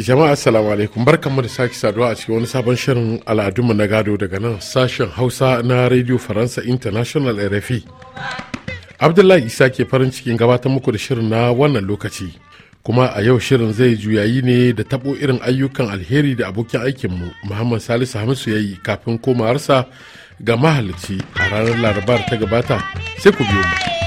jama'a assalamu alaikum barkanmu da sake saduwa a cikin wani sabon shirin al'adunmu na gado daga nan sashen hausa na radio faransa international rfi abdullahi isa ke farin cikin gabatar muku da shirin na wannan lokaci kuma a yau shirin zai juyayi ne da tabo irin ayyukan alheri da abokin aikinmu muhammad salisu hamisu ya yi kafin komawarsa ga mahalicci a ranar larabar ta gabata sai ku biyo mu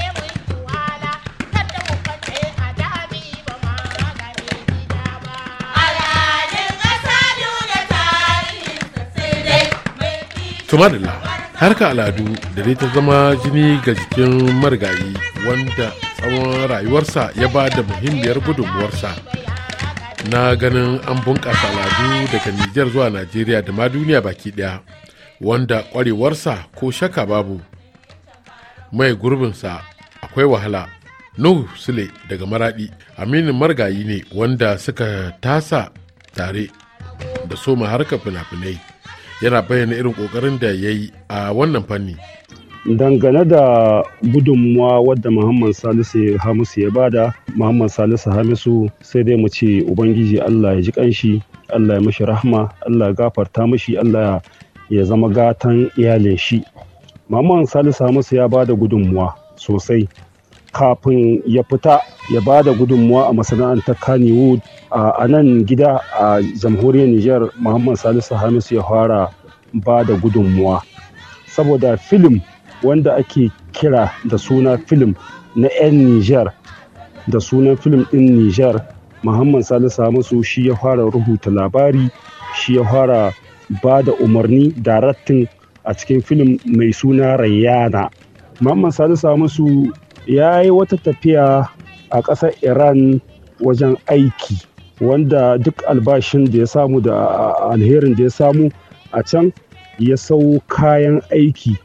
har harka al'adu da dai ta zama jini ga jikin marigayi wanda tsawon rayuwarsa ya ba da muhimmiyar gudunmuwarsa na ganin an bunƙasa al'adu daga nijar zuwa najeriya da ma duniya baki ɗaya wanda ƙwarewarsa ko shaka babu mai gurbinsa akwai wahala nuhu sule daga maraɗi aminin marigayi ne wanda suka tasa tare da soma harka fina-finai yana bayyana irin kokarin da ya yi a wannan fanni dangane da gudunmuwa wadda muhammad salisu hamisu ya bada muhammad salisu hamisu sai dai mu ce ubangiji allah ya ji kanshi allah ya mashi rahma allah ya gafarta mashi allah ya zama gatan iyalin shi muhammad salisu hamisu ya bada gudunmuwa sosai kafin ya fita ya ba da gudunmuwa a masana'antar kannywood a nan gida a jamhuriyar Nijar muhammad salisu hamisu ya fara ba da gudunmuwa saboda filim wanda ake kira da suna filim na 'yan nijar da sunan filim ɗin Nijar muhammad salisu hamisu shi ya fara rubuta labari shi ya fara ba da umarni daraktin a cikin filim mai suna rayyana muhammad salisu hamisu ya yi wata tafiya a ƙasar iran wajen aiki wanda duk albashin da ya samu da alherin da ya samu a can ya sau kayan aiki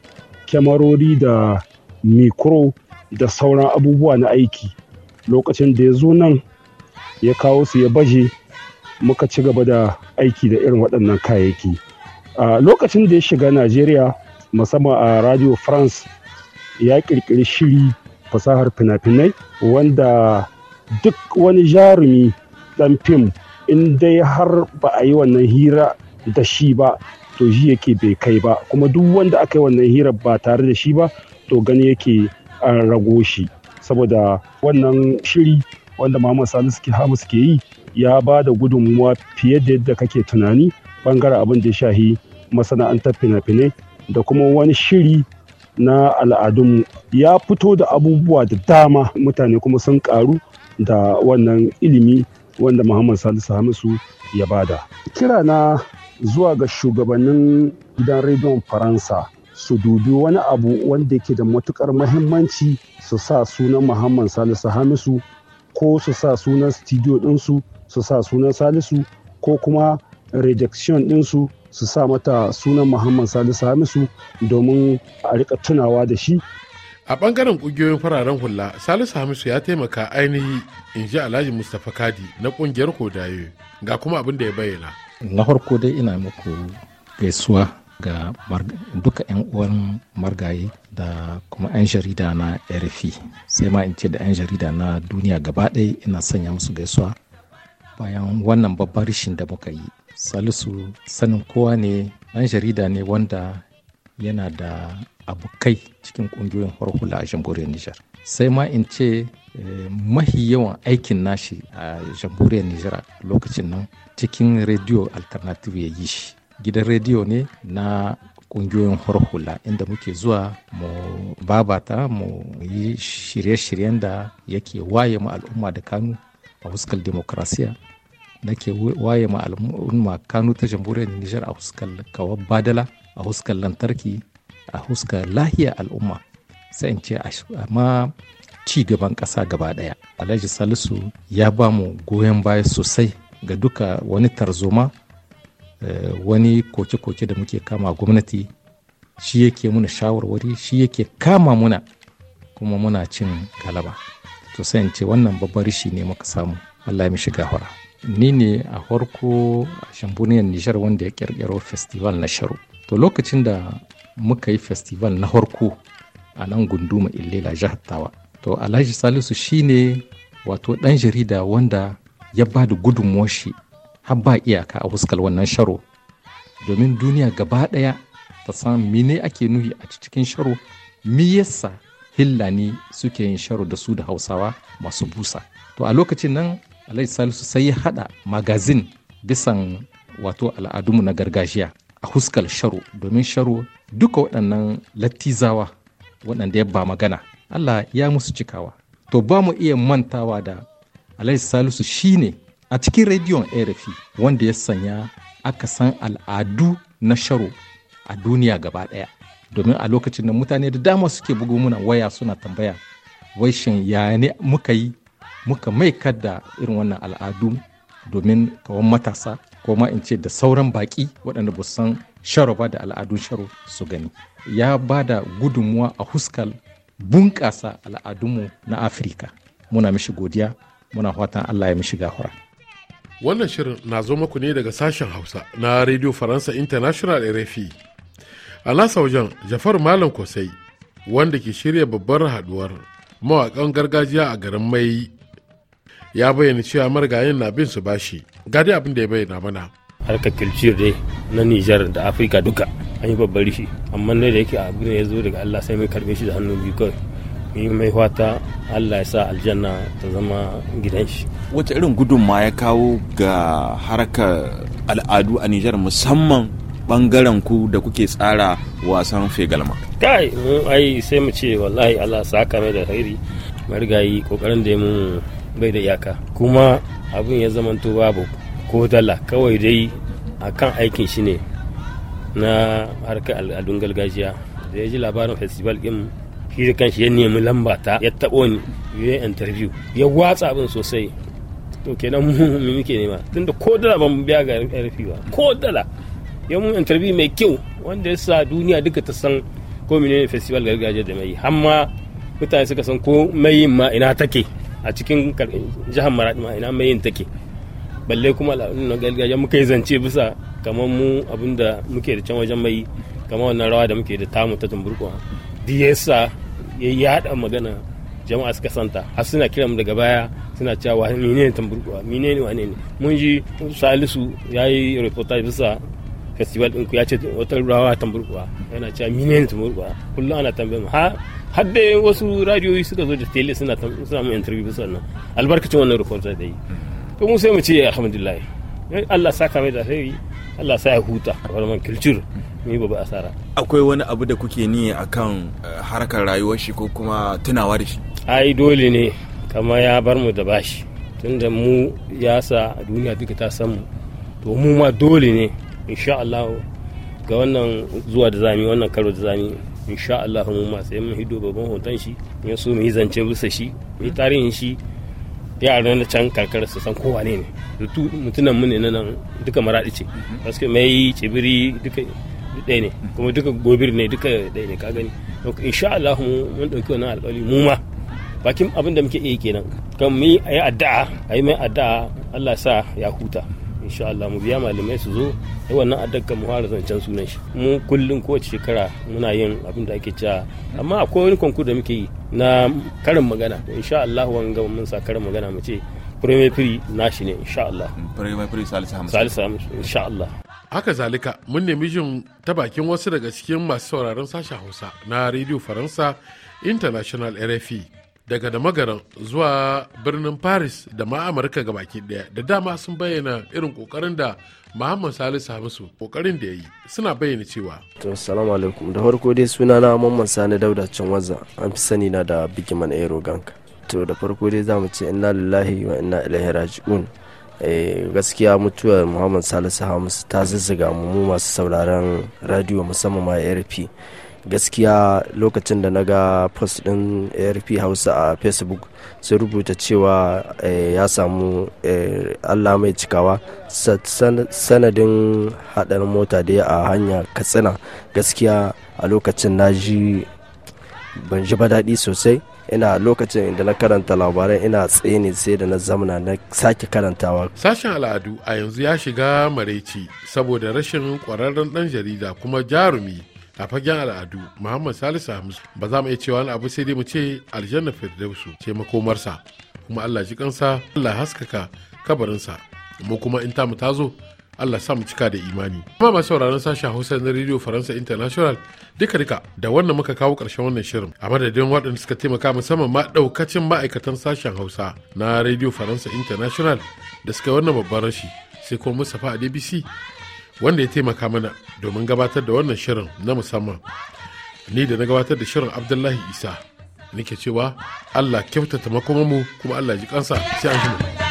kyamarori da mikro da sauran abubuwa na aiki lokacin da ya zo nan ya kawo su ya baje muka ci gaba da aiki da irin waɗannan kayayyaki a lokacin da ya shiga najeriya musamman a radio france ya ƙirƙiri shiri fasahar fina-finai wanda duk wani jarumi dan fim in dai har ba a yi wannan hira da shi ba to ji yake bai kai ba kuma duk wanda aka yi wannan hira ba tare da shi ba to gani yake an rago shi saboda wannan shiri wanda Muhammad Salisu ke hamu ke yi ya ba da gudunmuwa fiye da yadda kake tunani bangaren abin da ya shahi masana'antar fina-finai da kuma wani shiri na al'adunmu ya fito da abubuwa da dama mutane kuma sun karu da wannan ilimi wanda muhammad salisu hamisu ya bada kira na zuwa ga shugabannin gidan rediyon faransa su dubi wani abu wanda yake da matukar mahimmanci su sa sunan muhammad salisu hamisu ko su sa sunan studio dinsu su sa sunan salisu ko kuma rejection ɗinsu su sa mata sunan muhammad salisu hamisu domin a rika tunawa da shi a bangaren kungiyoyin fararen hula salisu hamisu ya taimaka ainihi in ji alhaji mustapha kadi na kungiyar kodaye ga kuma abin da ya bayyana na farko dai ina muku gaisuwa ga duka 'yan uwan margaye da kuma 'yan jarida na rfi sai ma in ce da 'yan jarida na duniya gaba ɗaya ina sanya musu gaisuwa bayan wannan babbar rishin da muka yi salisu sanin kowa ne ɗan jarida ne wanda yana da abokai cikin ƙungiyoyin hula a jamhuriyar nijar sai ma in ce eh, mahi yawan aikin nashi a jamhuriyar nijar lokacin nan cikin rediyo alternative ya yi shi gidan rediyo ne na ƙungiyoyin hula inda muke zuwa mu babata mu yi shirye-shiryen da yake waye ma al'umma da kanu a huskar demokrasiya nake waye ma'alumma al'umma kanu ta jamhuriyar Nijar a huskar kawar badala a huskar lantarki a huskar lahiyar al'umma sai in ce amma ci gaban ƙasa gaba ɗaya alhaji salisu ya ba mu goyon baya sosai ga duka wani tarzoma eh, wani koke-koke da muke kama gwamnati shi yake muna shawarwari shi yake kama muna kuma muna cin galaba to sai in ce wannan babbar shi ne muka samu allah ya mishi gafara ni ne a farko a shampuniyar Nijar wanda ya kirkiro festival na sharo. To lokacin da muka yi festival na farko a nan gunduma Illela jihar Tawa. To Alhaji Salisu shine wato ɗan jarida wanda ya ba da gudunmuwar shi har ba iyaka a fuskar wannan sharo. Domin duniya gaba ɗaya ta san mene ake nuhi a cikin sharo, mi yasa Hillani suke yin sharo da su da Hausawa masu busa. To a lokacin nan alayhi salisu sai ya haɗa magazin bisan wato al'adunmu na gargajiya a huskal sharo domin sharo duka waɗannan lattizawa waɗanda ya ba magana allah ya musu cikawa to ba mu iya mantawa da alayhi salisu shi ne a cikin rediyon rfi wanda ya sanya aka san al'adu na sharo a duniya gaba ɗaya domin a lokacin da mutane da dama suke bugu muna waya suna tambaya wai shin ya ne muka yi muka mai da irin wannan al'adu domin kawan matasa ko ma in ce da sauran baƙi waɗanda ba san sharo ba da al'adun sharo su gani ya ba da gudunmuwa a huskal bunƙasa al'adunmu na afirka muna mishi godiya muna fatan allah ya mishi gafara wannan shirin na zo maku ne daga sashen hausa na radio faransa international rfi a nasa wajen jafar malam kosai wanda ke shirya babbar haduwar mawaƙan gargajiya a garin mai ya bayyana cewa marigayen na bin su bashi gadi abin da ya bayyana mana harkar kilciyar dai na nijar da afirka duka an yi babbar shi amma ne da yake abu ne ya zo daga allah sai mai karbe shi da hannu biyu kawai yi mai fata allah ya sa aljanna ta zama gidan shi wata irin gudunma ya kawo ga harkar al'adu a nijar musamman bangaren ku da kuke tsara wasan fegalma kai ai sai mu ce wallahi allah k'a mai da hairi marigayi kokarin da ya mun bai da iyaka kuma abin ya zamanto babu ko dala kawai dai a kan aikin shi ne na harkar al'adun gargajiya da ya ji labarin festival ɗin shi da kanshi ya nemi lamba ta ya taɓo ni ya interview ya watsa abin sosai to kenan mu mu muke nema tunda ko dala ban biya ga rufi ba ko dala ya mu interview mai kyau wanda ya sa duniya duka ta san ko menene festival gargajiya da mai har ma mutane suka san ko mai ma ina take a cikin jihar maradi ma ina mai yin take balle kuma al'adun na gargajiya muka yi zance bisa kamar mu abinda da muke da can wajen mai kamar wannan rawa da muke da tamu ta tumburkuwa di ya sa ya yada magana jama'a suka santa har suna kiran daga baya suna cewa wa ne tumburkuwa mine ne wane ne mun ji salisu ya yi reportage bisa festival ku ya ce wata rawa tamburkuwa yana cewa mine ne tamburkuwa kullum ana tambayin ha har da wasu radiyoyi suka zo da tele suna suna mu interview bisa wannan albarkacin wannan reporter da yi to mu sai mu ce alhamdulillah eh, Allah saka mai da sai Allah sa ya huta wannan culture mu yi babu asara akwai wani abu da kuke ni akan eh, harkar rayuwar shi ko kuma tunawa da shi ai dole ne kama ya bar mu da bashi tunda mu ya sa duniya duka ta san mu to mu ma dole ne insha Allah ga wannan zuwa da zami wannan karo da zami insha Allah mu ma sai mun hido babban hoton shi in so mu yi zance bisa shi yi tarihin shi yaran na can karkar su san kowa ne ne mutunan mu ne nan duka maraɗi ce paske mai cibiri duka ɗaya ne kuma duka gobir ne duka ɗaya ne ka gani insha Allah mun ɗauki wannan alƙawari mu ma bakin abin da muke iya kenan kan mu yi addu'a a yi mai addu'a Allah sa ya huta insha Allah mu biya malamai su zo da wannan addaka mu fara zancen sunan shi mu kullum kowace shekara muna yin abin da ake cewa amma akwai wani konkur da muke yi na karin magana insha Allah wanga mun sa karin magana mu ce premier prix shi ne insha Allah premier prix salisu hamsin salisu hamsin insha Allah haka zalika mun nemi jin ta bakin wasu daga cikin masu sauraron sashen hausa na radio faransa international rfi daga da magaran zuwa birnin paris da ma amurka ga baki daya da dama sun bayyana irin kokarin da muhammad salisu hamisu kokarin da ya yi suna bayyana cewa to assalamu alaikum da farko dai suna na mamman sani dauda can waza an fi sani na da bigiman aero ganka to da farko dai za mu ce inna lillahi wa inna ilaihi raji'un eh, gaskiya mutuwar muhammad salisu hamisu ta zazzaga mu masu sauraron radio musamman ma rp gaskiya lokacin da na ga post din arp hausa a facebook sun rubuta cewa eh, ya samu eh, allah mai cikawa sanadin haɗar mota da a hanya katsina gaskiya a lokacin na ji ban ji ba daɗi sosai ina lokacin da na karanta labaran ina tsene sai da na zamana na sake karantawa. Sashen al'adu a yanzu ya shiga maraici saboda rashin kwararren ɗan jarida kuma jarumi a fagen al'adu muhammad salisu hamisu ba za mu iya cewa wani abu sai dai mu ce aljanna firdausu ce makomarsa kuma allah ji kansa allah haskaka kabarinsa mu kuma in tamu ta zo Allah sa mu cika da imani. Kuma masu sauraron sashen Hausa na rediyo Faransa International duka duka da wannan muka kawo karshen wannan shirin. A madadin waɗanda suka taimaka musamman ma ɗaukacin ma'aikatan sashen Hausa na rediyo Faransa International da suka wannan babban rashi sai kuma Mustapha a DBC wanda ya taimaka mana domin gabatar da wannan shirin na musamman ni da na gabatar da shirin abdullahi isa nake cewa allah kyautata makomanmu kuma allah ji kansa sai an jima.